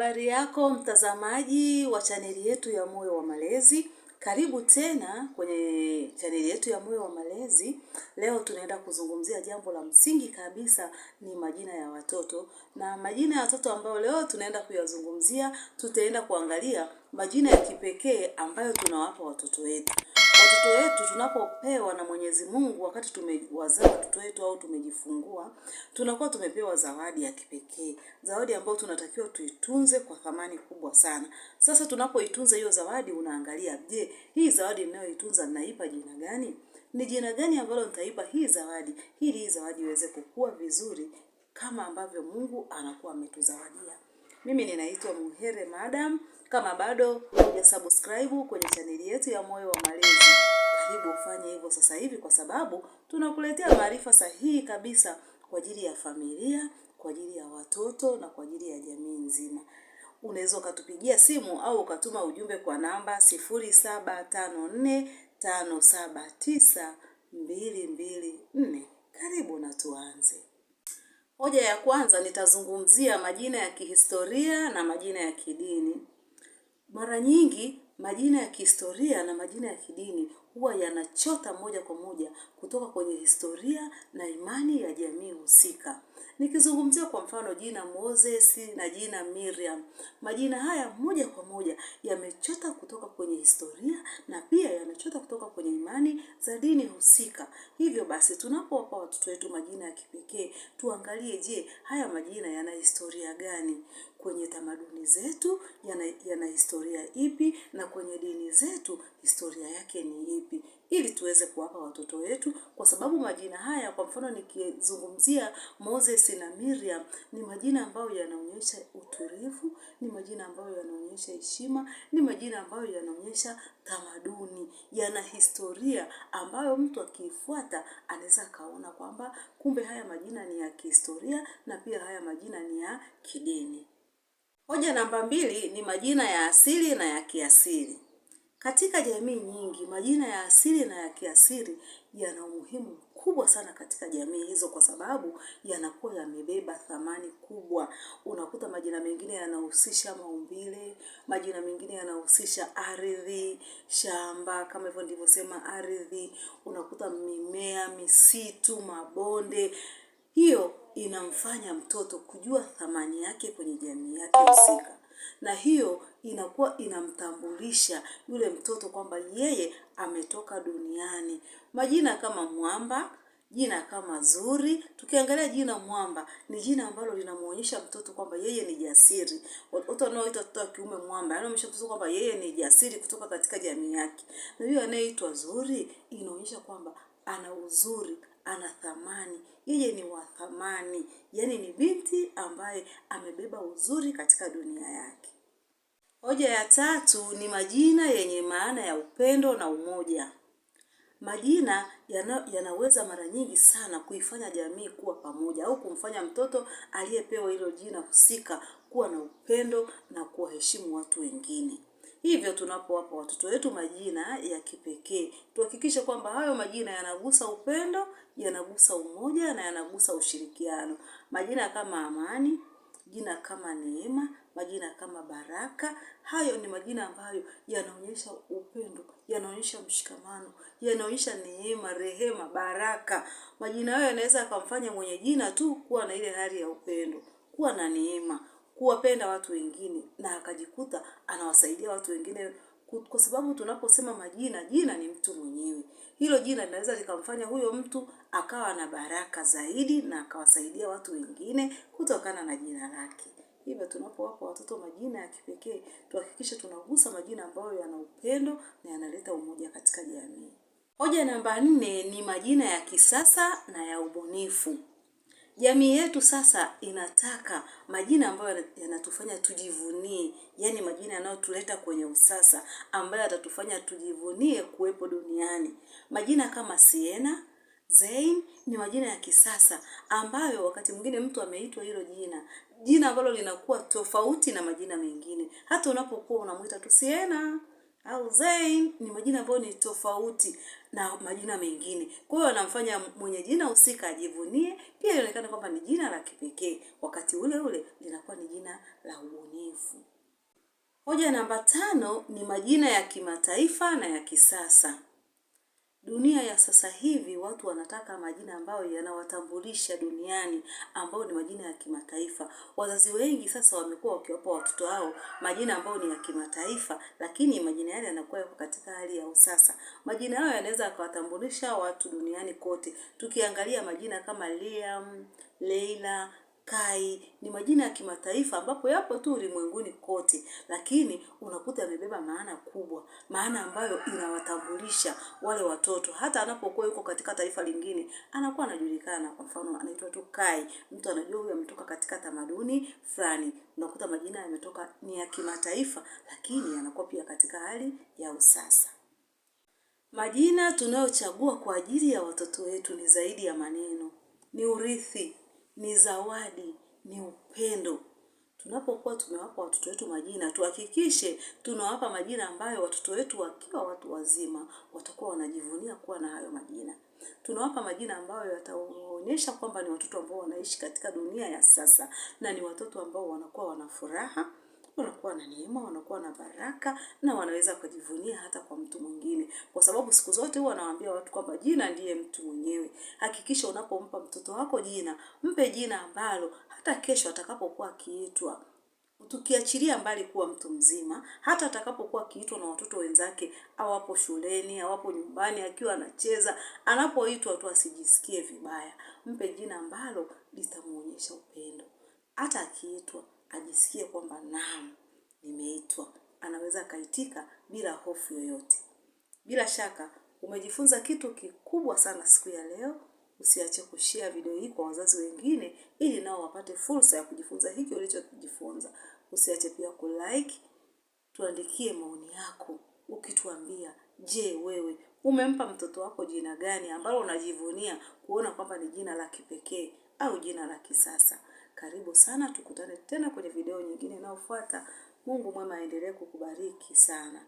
Habari yako mtazamaji wa chaneli yetu ya Moyo wa Malezi, karibu tena kwenye chaneli yetu ya Moyo wa Malezi. Leo tunaenda kuzungumzia jambo la msingi kabisa, ni majina ya watoto. Na majina ya watoto ambayo leo tunaenda kuyazungumzia, tutaenda kuangalia majina ya kipekee ambayo tunawapa watoto wetu watoto wetu tunapopewa na Mwenyezi Mungu wakati tumewazaa watoto wetu au tumejifungua, tunakuwa tumepewa zawadi ya kipekee, zawadi ambayo tunatakiwa tuitunze kwa thamani kubwa sana. Sasa tunapoitunza hiyo zawadi, unaangalia, je, hii zawadi ninayoitunza naipa jina gani? Ni jina gani ambalo nitaipa hii zawadi ili hii zawadi iweze kukua vizuri kama ambavyo Mungu anakuwa ametuzawadia. Mimi ninaitwa Muhere Madam. Kama bado hujasubscribe kwenye chaneli yetu ya Moyo wa Malezi, karibu ufanye hivyo sasa hivi, kwa sababu tunakuletea maarifa sahihi kabisa kwa ajili ya familia, kwa ajili ya watoto na kwa ajili ya jamii nzima. Unaweza ukatupigia simu au ukatuma ujumbe kwa namba sifuri mbili mbili Hoja ya kwanza nitazungumzia majina ya kihistoria na majina ya kidini. Mara nyingi majina ya kihistoria na majina ya kidini huwa yanachota moja kwa moja kutoka kwenye historia na imani ya jamii husika. Nikizungumzia kwa mfano jina Moses na jina Miriam, majina haya moja kwa moja yamechota kutoka kwenye historia na pia yanachota kutoka kwenye imani za dini husika. Hivyo basi, tunapowapa watoto wetu majina ya kipekee, tuangalie, je, haya majina yana historia gani kwenye tamaduni zetu? Yana, yana historia ipi? Na kwenye dini zetu historia yake ni ipi, ili tuweze kuwapa watoto wetu, kwa sababu majina haya, kwa mfano nikizungumzia Moses na Miriam, ni majina ambayo yanaonyesha utulivu, ni majina ambayo yanaonyesha heshima, ni majina ambayo yanaonyesha tamaduni, yana historia ambayo mtu akiifuata anaweza akaona kwamba kumbe haya majina ni ya kihistoria na pia haya majina ni ya kidini. Hoja namba mbili ni majina ya asili na ya kiasili. Katika jamii nyingi, majina ya asili na ya kiasili yana umuhimu mkubwa sana katika jamii hizo, kwa sababu yanakuwa yamebeba thamani kubwa. Unakuta majina mengine yanahusisha maumbile, majina mengine yanahusisha ardhi, shamba, kama hivyo nilivyosema, ardhi. Unakuta mimea, misitu, mabonde. Hiyo inamfanya mtoto kujua thamani yake kwenye jamii yake husika, na hiyo inakuwa inamtambulisha yule mtoto kwamba yeye ametoka duniani. Majina kama Mwamba, jina kama Zuri. Tukiangalia jina Mwamba ni jina ambalo linamwonyesha mtoto kwamba yeye ni jasiri. Watoto wanaoitwa mtoto wa kiume Mwamba yanaonyesha mtoto kwamba yeye ni jasiri kutoka katika jamii yake, na huyo anayeitwa Zuri inaonyesha kwamba ana uzuri ana thamani, yeye ni wa thamani, yaani ni binti ambaye amebeba uzuri katika dunia yake. Hoja ya tatu ni majina yenye maana ya upendo na umoja. Majina yana, yanaweza mara nyingi sana kuifanya jamii kuwa pamoja au kumfanya mtoto aliyepewa hilo jina husika kuwa na upendo na kuwaheshimu watu wengine. Hivyo tunapowapa watoto wetu majina ya kipekee, tuhakikishe kwamba hayo majina yanagusa upendo, yanagusa umoja na yanagusa ushirikiano. Majina kama Amani, jina kama Neema, majina kama Baraka. Hayo ni majina ambayo yanaonyesha upendo, yanaonyesha mshikamano, yanaonyesha neema, rehema, baraka. Majina hayo yanaweza akamfanya mwenye jina tu kuwa na ile hali ya upendo, kuwa na neema, kuwapenda watu wengine, na akajikuta anawasaidia watu wengine kwa sababu tunaposema majina, jina ni mtu mwenyewe. Hilo jina linaweza likamfanya huyo mtu akawa na baraka zaidi na akawasaidia watu wengine kutokana na jina lake. Hivyo tunapowapa watoto majina ya kipekee, tuhakikishe tunagusa majina ambayo yana upendo na yanaleta umoja katika jamii. Hoja namba nne ni majina ya kisasa na ya ubunifu. Jamii yetu sasa inataka majina ambayo yanatufanya tujivunie, yaani majina yanayotuleta kwenye usasa, ambayo yatatufanya tujivunie kuwepo duniani. Majina kama Siena, Zain ni majina ya kisasa ambayo wakati mwingine mtu ameitwa hilo jina, jina ambalo linakuwa tofauti na majina mengine. Hata unapokuwa unamwita tu Siena au Zain, ni majina ambayo ni tofauti na majina mengine. Kwa hiyo anamfanya mwenye jina husika ajivunie, pia ionekane kwamba ni jina la kipekee, wakati ule ule linakuwa ni jina la ubunifu. Hoja namba tano ni majina ya kimataifa na ya kisasa. Dunia ya sasa hivi watu wanataka majina ambayo yanawatambulisha duniani, ambayo ni majina ya kimataifa. Wazazi wengi sasa wamekuwa wakiwapa watoto wao majina ambayo ni ya kimataifa, lakini majina yale yanakuwa yako katika hali ya usasa. Majina hayo yanaweza yakawatambulisha watu duniani kote. Tukiangalia majina kama Liam, Leila, Kai ni majina ya kimataifa ambapo yapo tu ulimwenguni kote, lakini unakuta yamebeba maana kubwa, maana ambayo inawatambulisha wale watoto. Hata anapokuwa yuko katika taifa lingine anakuwa anajulikana. Kwa mfano, anaitwa tu Kai, mtu anajua huyo ametoka katika tamaduni fulani. Unakuta majina yametoka, ni ya kimataifa, lakini yanakuwa pia katika hali ya usasa. Majina tunayochagua kwa ajili ya watoto wetu ni zaidi ya maneno, ni urithi ni zawadi, ni upendo. Tunapokuwa tumewapa watoto wetu majina, tuhakikishe tunawapa majina ambayo watoto wetu wakiwa watu wazima watakuwa wanajivunia kuwa na hayo majina. Tunawapa majina ambayo yataonyesha kwamba ni watoto ambao wanaishi katika dunia ya sasa na ni watoto ambao wanakuwa wana furaha wanakuwa na neema, wanakuwa na baraka na wanaweza kujivunia hata kwa mtu mwingine, kwa sababu siku zote huwa anawaambia watu kwamba jina ndiye mtu mwenyewe. Hakikisha unapompa mtoto wako jina, mpe jina ambalo hata kesho atakapokuwa akiitwa tukiachilia mbali kuwa mtu mzima, hata atakapokuwa akiitwa na watoto wenzake, awapo shuleni, awapo nyumbani, akiwa anacheza, anapoitwa tu asijisikie vibaya. Mpe jina ambalo litamwonyesha upendo, hata akiitwa ajisikie kwamba naam, nimeitwa. Anaweza akaitika bila hofu yoyote. Bila shaka umejifunza kitu kikubwa sana siku ya leo. Usiache kushea video hii kwa wazazi wengine, ili nao wapate fursa ya kujifunza hiki ulichojifunza. Usiache pia kulike, tuandikie maoni yako ukituambia, je, wewe umempa mtoto wako jina gani ambalo unajivunia kuona kwamba ni jina la kipekee au jina la kisasa? Karibu sana, tukutane tena kwenye video nyingine inayofuata. Mungu mwema aendelee kukubariki sana.